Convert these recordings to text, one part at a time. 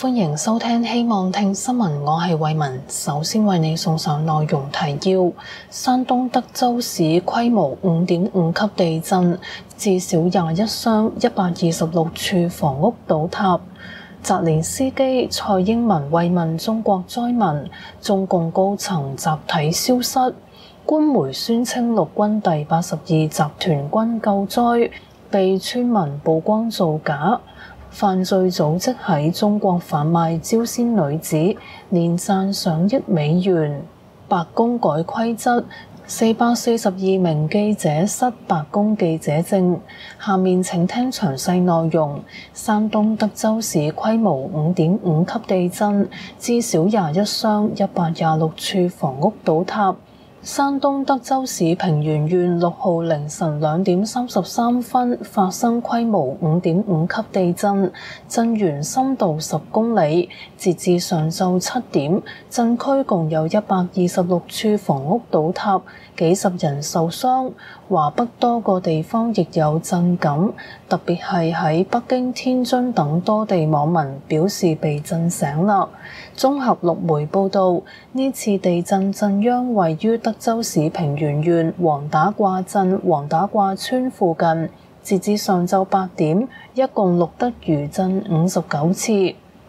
歡迎收聽，希望聽新聞，我係慧雯，首先為你送上內容提要：山東德州市規模五點五級地震，至少廿一傷，一百二十六處房屋倒塌。澤連斯基、蔡英文慰問中國災民，中共高層集體消失。官媒宣稱陸軍第八十二集團軍救災被村民曝光造假。犯罪組織喺中國販賣朝鮮女子，年賺上億美元。白宮改規則，四百四十二名記者失白宮記者證。下面請聽詳細內容。山東德州市規模五點五級地震，至少廿一傷，一百廿六處房屋倒塌。山東德州市平原縣六號凌晨兩點三十三分發生規模五點五級地震，震源深度十公里。截至上晝七點，震區共有一百二十六處房屋倒塌，幾十人受傷。華北多個地方亦有震感，特別係喺北京、天津等多地，網民表示被震醒啦。綜合陸媒報道，呢次地震震央位於德州市平原縣王打卦鎮王打卦村附近。截至上晝八點，一共錄得餘震五十九次。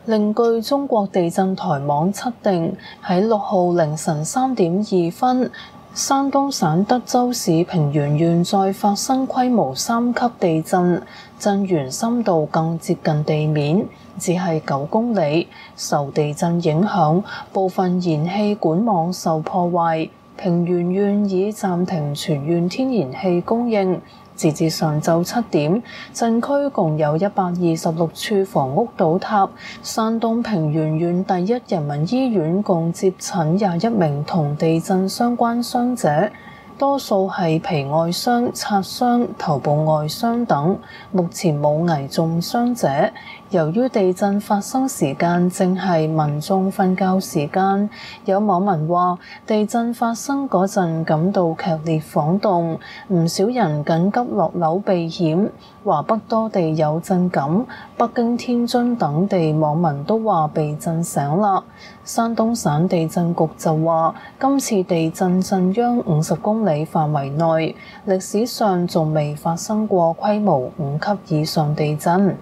另據中國地震台網測定，喺六號凌晨三點二分。山東省德州市平原縣再發生規模三級地震，震源深度更接近地面，只係九公里。受地震影響，部分燃氣管網受破壞，平原縣已暫停全縣天然氣供應。截至上晝七點，震區共有一百二十六處房屋倒塌。山東平原縣第一人民醫院共接診廿一名同地震相關傷者，多數係皮外傷、擦傷、頭部外傷等，目前冇危重傷者。由於地震發生時間正係民眾瞓覺時間，有網民話地震發生嗰陣感到劇烈晃動，唔少人緊急落樓避險。華北多地有震感，北京、天津等地網民都話被震醒啦。山東省地震局就話，今次地震震央五十公里範圍內，歷史上仲未發生過規模五級以上地震。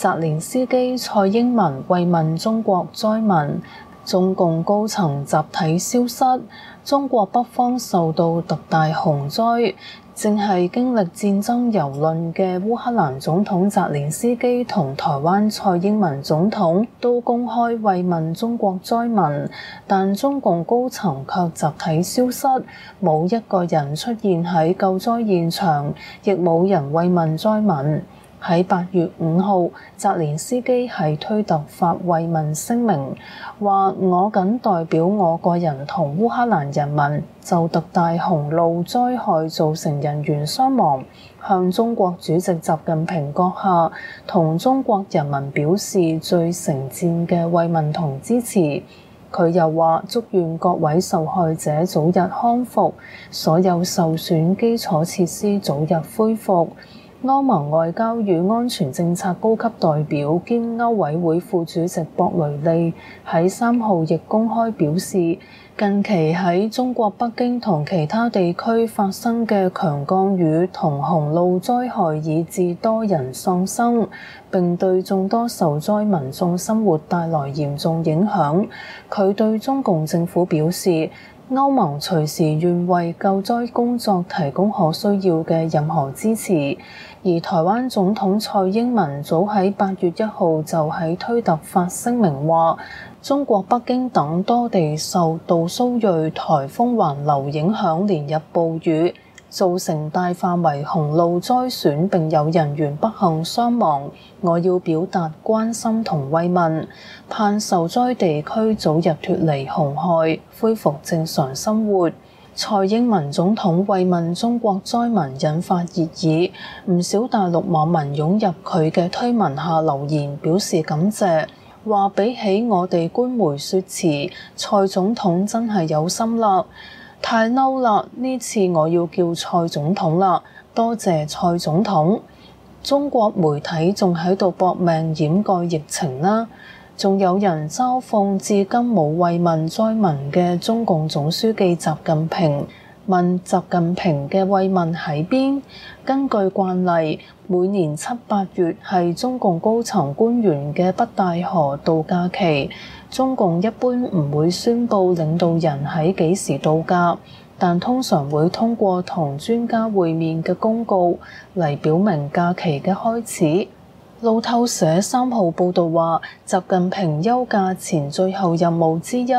澤連斯基、蔡英文慰問中國災民，中共高層集體消失，中國北方受到特大洪災，正係經歷戰爭蹂躪嘅烏克蘭總統澤連斯基同台灣蔡英文總統都公開慰問中國災民，但中共高層卻集體消失，冇一個人出現喺救災現場，亦冇人慰問災民。喺八月五號，澤連斯基喺推特發慰問聲明，話我僅代表我個人同烏克蘭人民就特大洪澇災害造成人員傷亡，向中國主席習近平閣下同中國人民表示最誠摯嘅慰問同支持。佢又話：祝願各位受害者早日康復，所有受損基礎設施早日恢復。歐盟外交與安全政策高級代表兼歐委會副主席博雷利喺三號亦公開表示，近期喺中國北京同其他地區發生嘅強降雨同洪澇災害，以致多人喪生，並對眾多受災民眾生活帶來嚴重影響。佢對中共政府表示，歐盟隨時願為救災工作提供可需要嘅任何支持，而台灣總統蔡英文早喺八月一號就喺推特發聲明話，中國北京等多地受到杜蘇芮颱風環流影響，連日暴雨，造成大範圍洪澇災損，並有人員不幸傷亡，我要表達關心同慰問，盼受災地區早日脱離洪害，恢復正常生活。蔡英文總統慰問中國災民，引發熱議，唔少大陸網民湧入佢嘅推文下留言表示感謝。話比起我哋官媒說辭，蔡總統真係有心啦。太嬲啦！呢次我要叫蔡總統啦，多謝蔡總統。中國媒體仲喺度搏命掩蓋疫情啦，仲有人嘲諷至今冇慰問災民嘅中共總書記習近平。問習近平嘅慰問喺邊？根據慣例，每年七八月係中共高層官員嘅北戴河度假期。中共一般唔會宣布領導人喺幾時度假，但通常會通過同專家會面嘅公告嚟表明假期嘅開始。路透社三號報道話習近平休假前最後任務之一，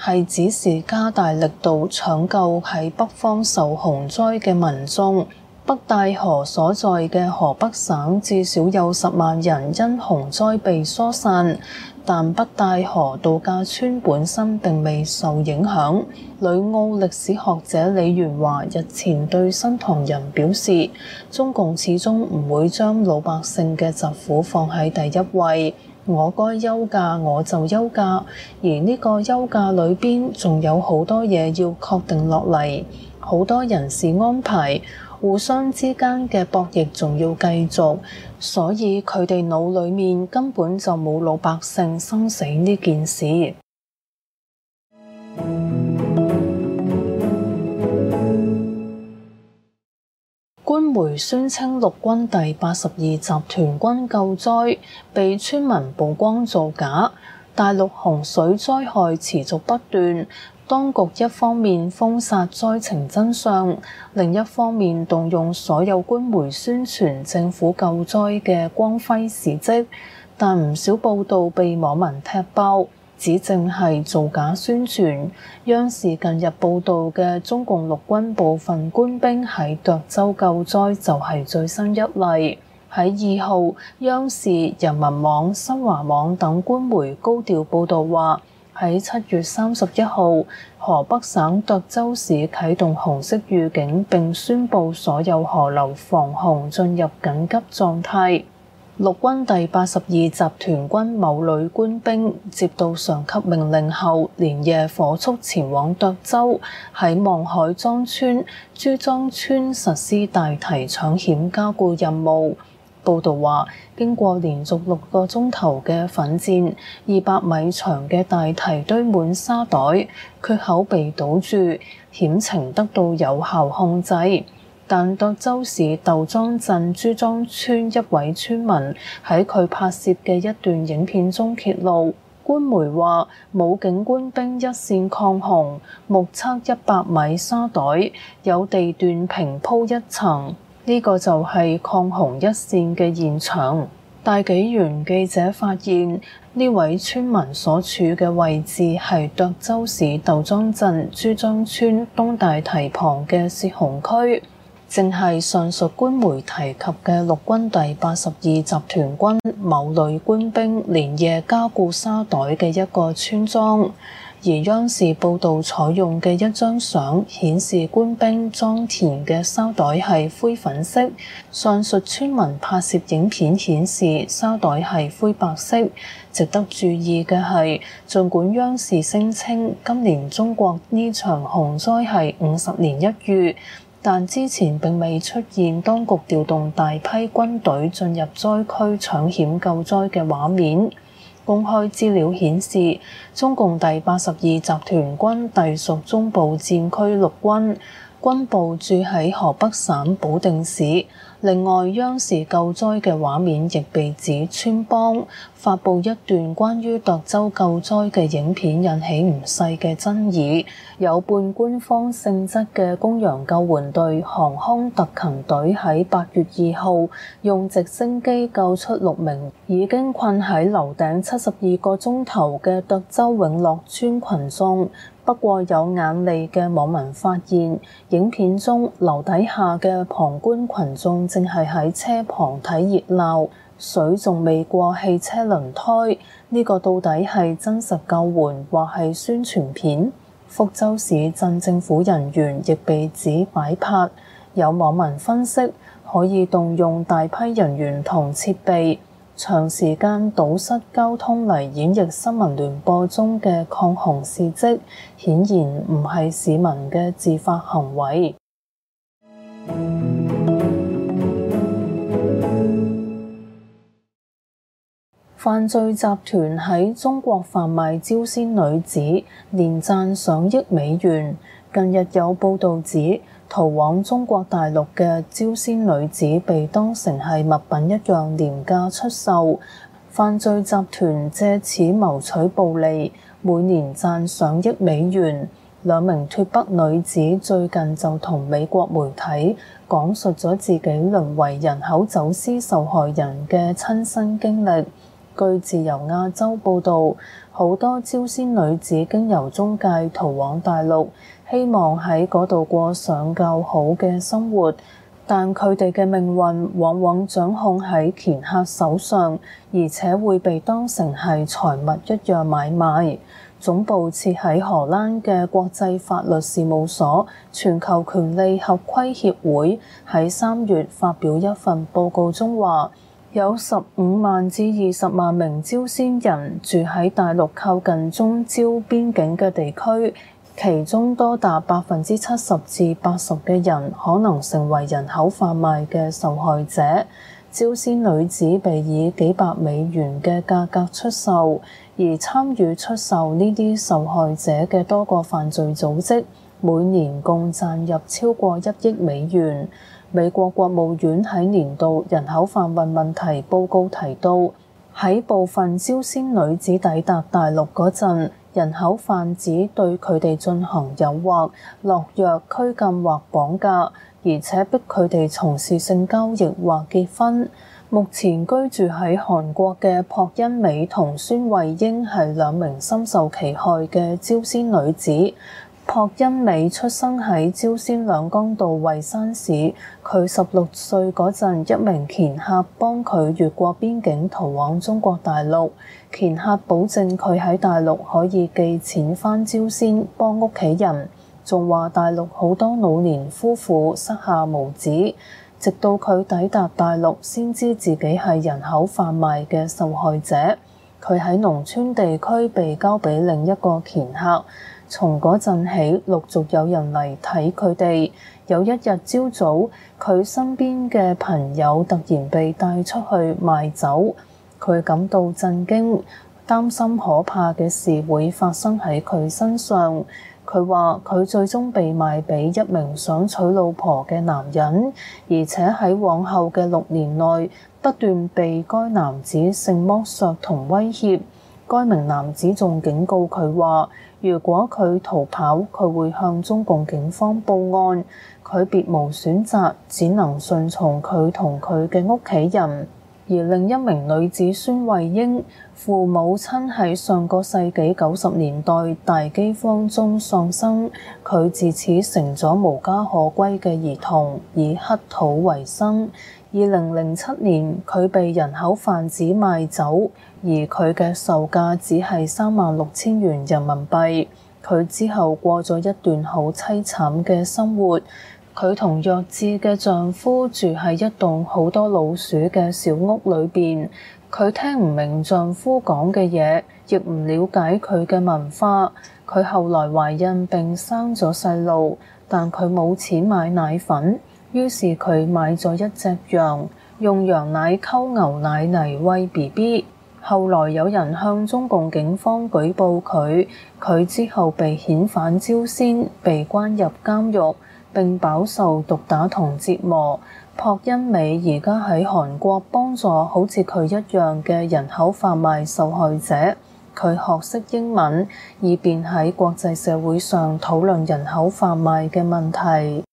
係指示加大力度搶救喺北方受洪災嘅民眾，北戴河所在嘅河北省至少有十萬人因洪災被疏散。但北戴河度假村本身并未受影響，旅澳歷史學者李元華日前對新唐人表示：中共始終唔會將老百姓嘅疾苦放喺第一位。我該休假我就休假，而呢個休假裏邊仲有好多嘢要確定落嚟，好多人事安排。互相之間嘅博弈仲要繼續，所以佢哋腦裏面根本就冇老百姓生死呢件事。 官媒宣稱陸軍第八十二集團軍救災，被村民曝光造假，大陸洪水災害持續不斷。當局一方面封殺災情真相，另一方面動用所有官媒宣傳政府救災嘅光輝事跡，但唔少報道被網民踢爆，指正係造假宣傳。央視近日報導嘅中共陸軍部分官兵喺涿州救災就係最新一例。喺二號，央視、人民網、新華網等官媒高調報導話。喺七月三十一號，河北省涿州市啟動紅色預警並宣布所有河流防洪進入緊急狀態。陸軍第八十二集團軍某旅官兵接到上級命令後，連夜火速前往涿州，喺望海莊村、朱莊村實施大堤搶險加固任務。報道話，經過連續六個鐘頭嘅奮戰，二百米長嘅大堤堆滿沙袋，缺口被堵住，險情得到有效控制。但涿州市豆莊鎮朱莊村一位村民喺佢拍攝嘅一段影片中揭露，官媒話，武警官兵一線抗洪，目測一百米沙袋有地段平鋪一層。呢個就係抗洪一線嘅現場。大紀元記者發現，呢位村民所處嘅位置係涿州市豆莊鎮朱莊村東大堤旁嘅泄洪區，正係上述官媒提及嘅陸軍第八十二集團軍某旅官兵連夜加固沙袋嘅一個村莊。而央視報導採用嘅一張相顯示官兵裝填嘅沙袋係灰粉色，上述村民拍攝影片顯示沙袋係灰白色。值得注意嘅係，儘管央視聲稱今年中國呢場洪災係五十年一遇，但之前並未出現當局調動大批軍隊進入災區搶險救災嘅畫面。公開資料顯示，中共第八十二集團軍隸屬中部戰區陸軍。軍部駐喺河北省保定市。另外，央視救災嘅畫面亦被指穿幫。發布一段關於德州救災嘅影片，引起唔細嘅爭議。有半官方性質嘅公羊救援隊航空特勤隊喺八月二號用直升機救出六名已經困喺樓頂七十二個鐘頭嘅德州永樂村群眾。不過有眼利嘅網民發現，影片中樓底下嘅旁觀群眾正係喺車旁睇熱鬧，水仲未過汽車輪胎，呢、這個到底係真實救援或係宣傳片？福州市鎮政府人員亦被指擺拍，有網民分析可以動用大批人員同設備，長時間堵塞交通嚟演繹新聞聯播中嘅抗洪事蹟，顯然唔係市民嘅自發行為。 犯罪集團喺中國販賣朝鮮女子，年賺上億美元。近日有報導指，逃往中國大陸嘅朝鮮女子被當成係物品一樣廉價出售，犯罪集團借此謀取暴利，每年賺上億美元。兩名脫北女子最近就同美國媒體講述咗自己淪為人口走私受害人嘅親身經歷。據自由亞洲報導，好多朝鮮女子經由中介逃往大陸。希望喺嗰度過上較好嘅生活，但佢哋嘅命運往往掌控喺掮客手上，而且會被當成係財物一樣買賣。總部設喺荷蘭嘅國際法律事務所全球權利合規協會喺三月發表一份報告中話，有十五萬至二十萬名朝鮮人住喺大陸靠近中朝邊境嘅地區。其中多達百分之七十至八十嘅人可能成為人口販賣嘅受害者，朝鮮女子被以幾百美元嘅價格出售，而參與出售呢啲受害者嘅多個犯罪組織每年共賺入超過一億美元。美國國務院喺年度人口販運問題報告提到，喺部分朝鮮女子抵達大陸嗰陣，人口販子對佢哋進行誘惑、落藥、拘禁或綁架，而且逼佢哋從事性交易或結婚。目前居住喺韓國嘅朴恩美同孫慧英係兩名深受其害嘅朝鮮女子。朴恩美出生喺朝鮮兩江道惠山市。佢十六歲嗰陣，一名掮客幫佢越過邊境逃往中國大陸。掮客保證佢喺大陸可以寄錢返朝鮮幫屋企人，仲話大陸好多老年夫婦膝下無子。直到佢抵達大陸，先知自己係人口販賣嘅受害者。佢喺農村地區被交俾另一個掮客。從嗰陣起，陸續有人嚟睇佢哋。有一日朝早，佢身邊嘅朋友突然被帶出去賣走，佢感到震驚，擔心可怕嘅事會發生喺佢身上。佢話：佢最終被賣俾一名想娶老婆嘅男人，而且喺往後嘅六年內不斷被該男子性剝削同威脅。該名男子仲警告佢話：如果佢逃跑，佢會向中共警方報案。佢別無選擇，只能順從佢同佢嘅屋企人。而另一名女子孫惠英，父母親喺上個世紀九十年代大饑荒中喪生，佢自此成咗無家可歸嘅兒童，以乞討為生。二零零七年，佢被人口販子賣走，而佢嘅售價只係三萬六千元人民幣。佢之後過咗一段好凄慘嘅生活，佢同弱智嘅丈夫住喺一棟好多老鼠嘅小屋裏邊。佢聽唔明丈夫講嘅嘢，亦唔了解佢嘅文化。佢後來懷孕並生咗細路，但佢冇錢買奶粉。於是佢買咗一隻羊，用羊奶溝牛奶嚟餵 BB。後來有人向中共警方舉報佢，佢之後被遣返朝鮮，被關入監獄，並飽受毒打同折磨。朴恩美而家喺韓國幫助好似佢一樣嘅人口販賣受害者。佢學識英文，以便喺國際社會上討論人口販賣嘅問題。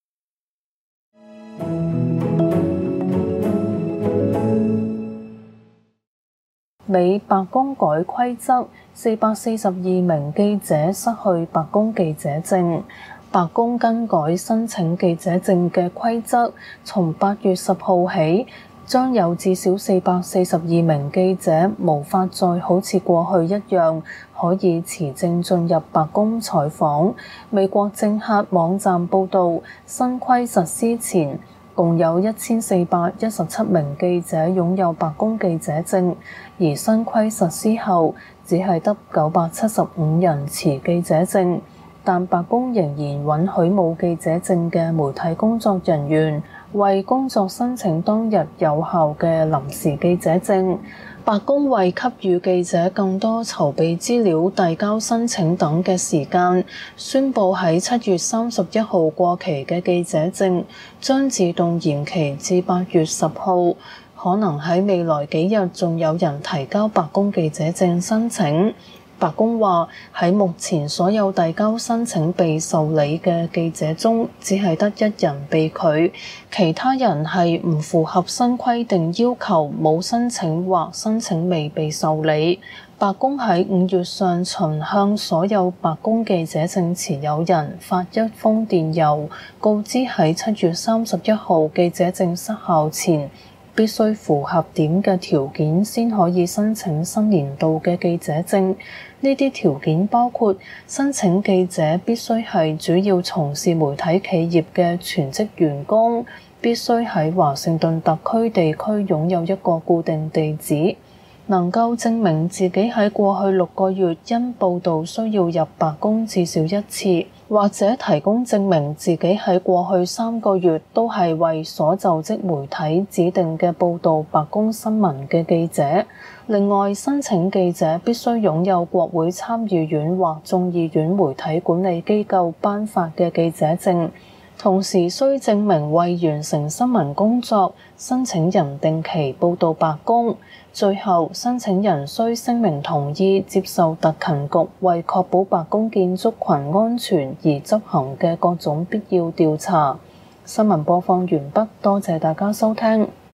美白宮改規則，四百四十二名記者失去白宮記者證。白宮更改申請記者證嘅規則，從八月十號起，將有至少四百四十二名記者無法再好似過去一樣，可以持證進入白宮採訪。美國政客網站報道，新規實施前。共有一千四百一十七名記者擁有白宮記者證，而新規實施後，只係得九百七十五人持記者證。但白宮仍然允許冇記者證嘅媒體工作人員為工作申請當日有效嘅臨時記者證。白宮為給予記者更多籌備資料、遞交申請等嘅時間，宣布喺七月三十一號過期嘅記者證將自動延期至八月十號。可能喺未來幾日，仲有人提交白宮記者證申請。白宮話喺目前所有遞交申請被受理嘅記者中，只係得一人被拒，其他人係唔符合新規定要求，冇申請或申請未被受理。白宮喺五月上旬向所有白宮記者證持有人發一封電郵，告知喺七月三十一號記者證失效前。必須符合點嘅條件先可以申請新年度嘅記者證。呢啲條件包括申請記者必須係主要從事媒體企業嘅全職員工，必須喺華盛頓特區地區擁有一個固定地址，能夠證明自己喺過去六個月因報導需要入白宮至少一次。或者提供證明自己喺過去三個月都係為所就職媒體指定嘅報導白宮新聞嘅記者。另外，申請記者必須擁有國會參議院或眾議院媒體管理機構頒發嘅記者證。同時，需證明為完成新聞工作，申請人定期報到白宮。最後，申請人需聲明同意接受特勤局為確保白宮建築群安全而執行嘅各種必要調查。新聞播放完畢，多謝大家收聽。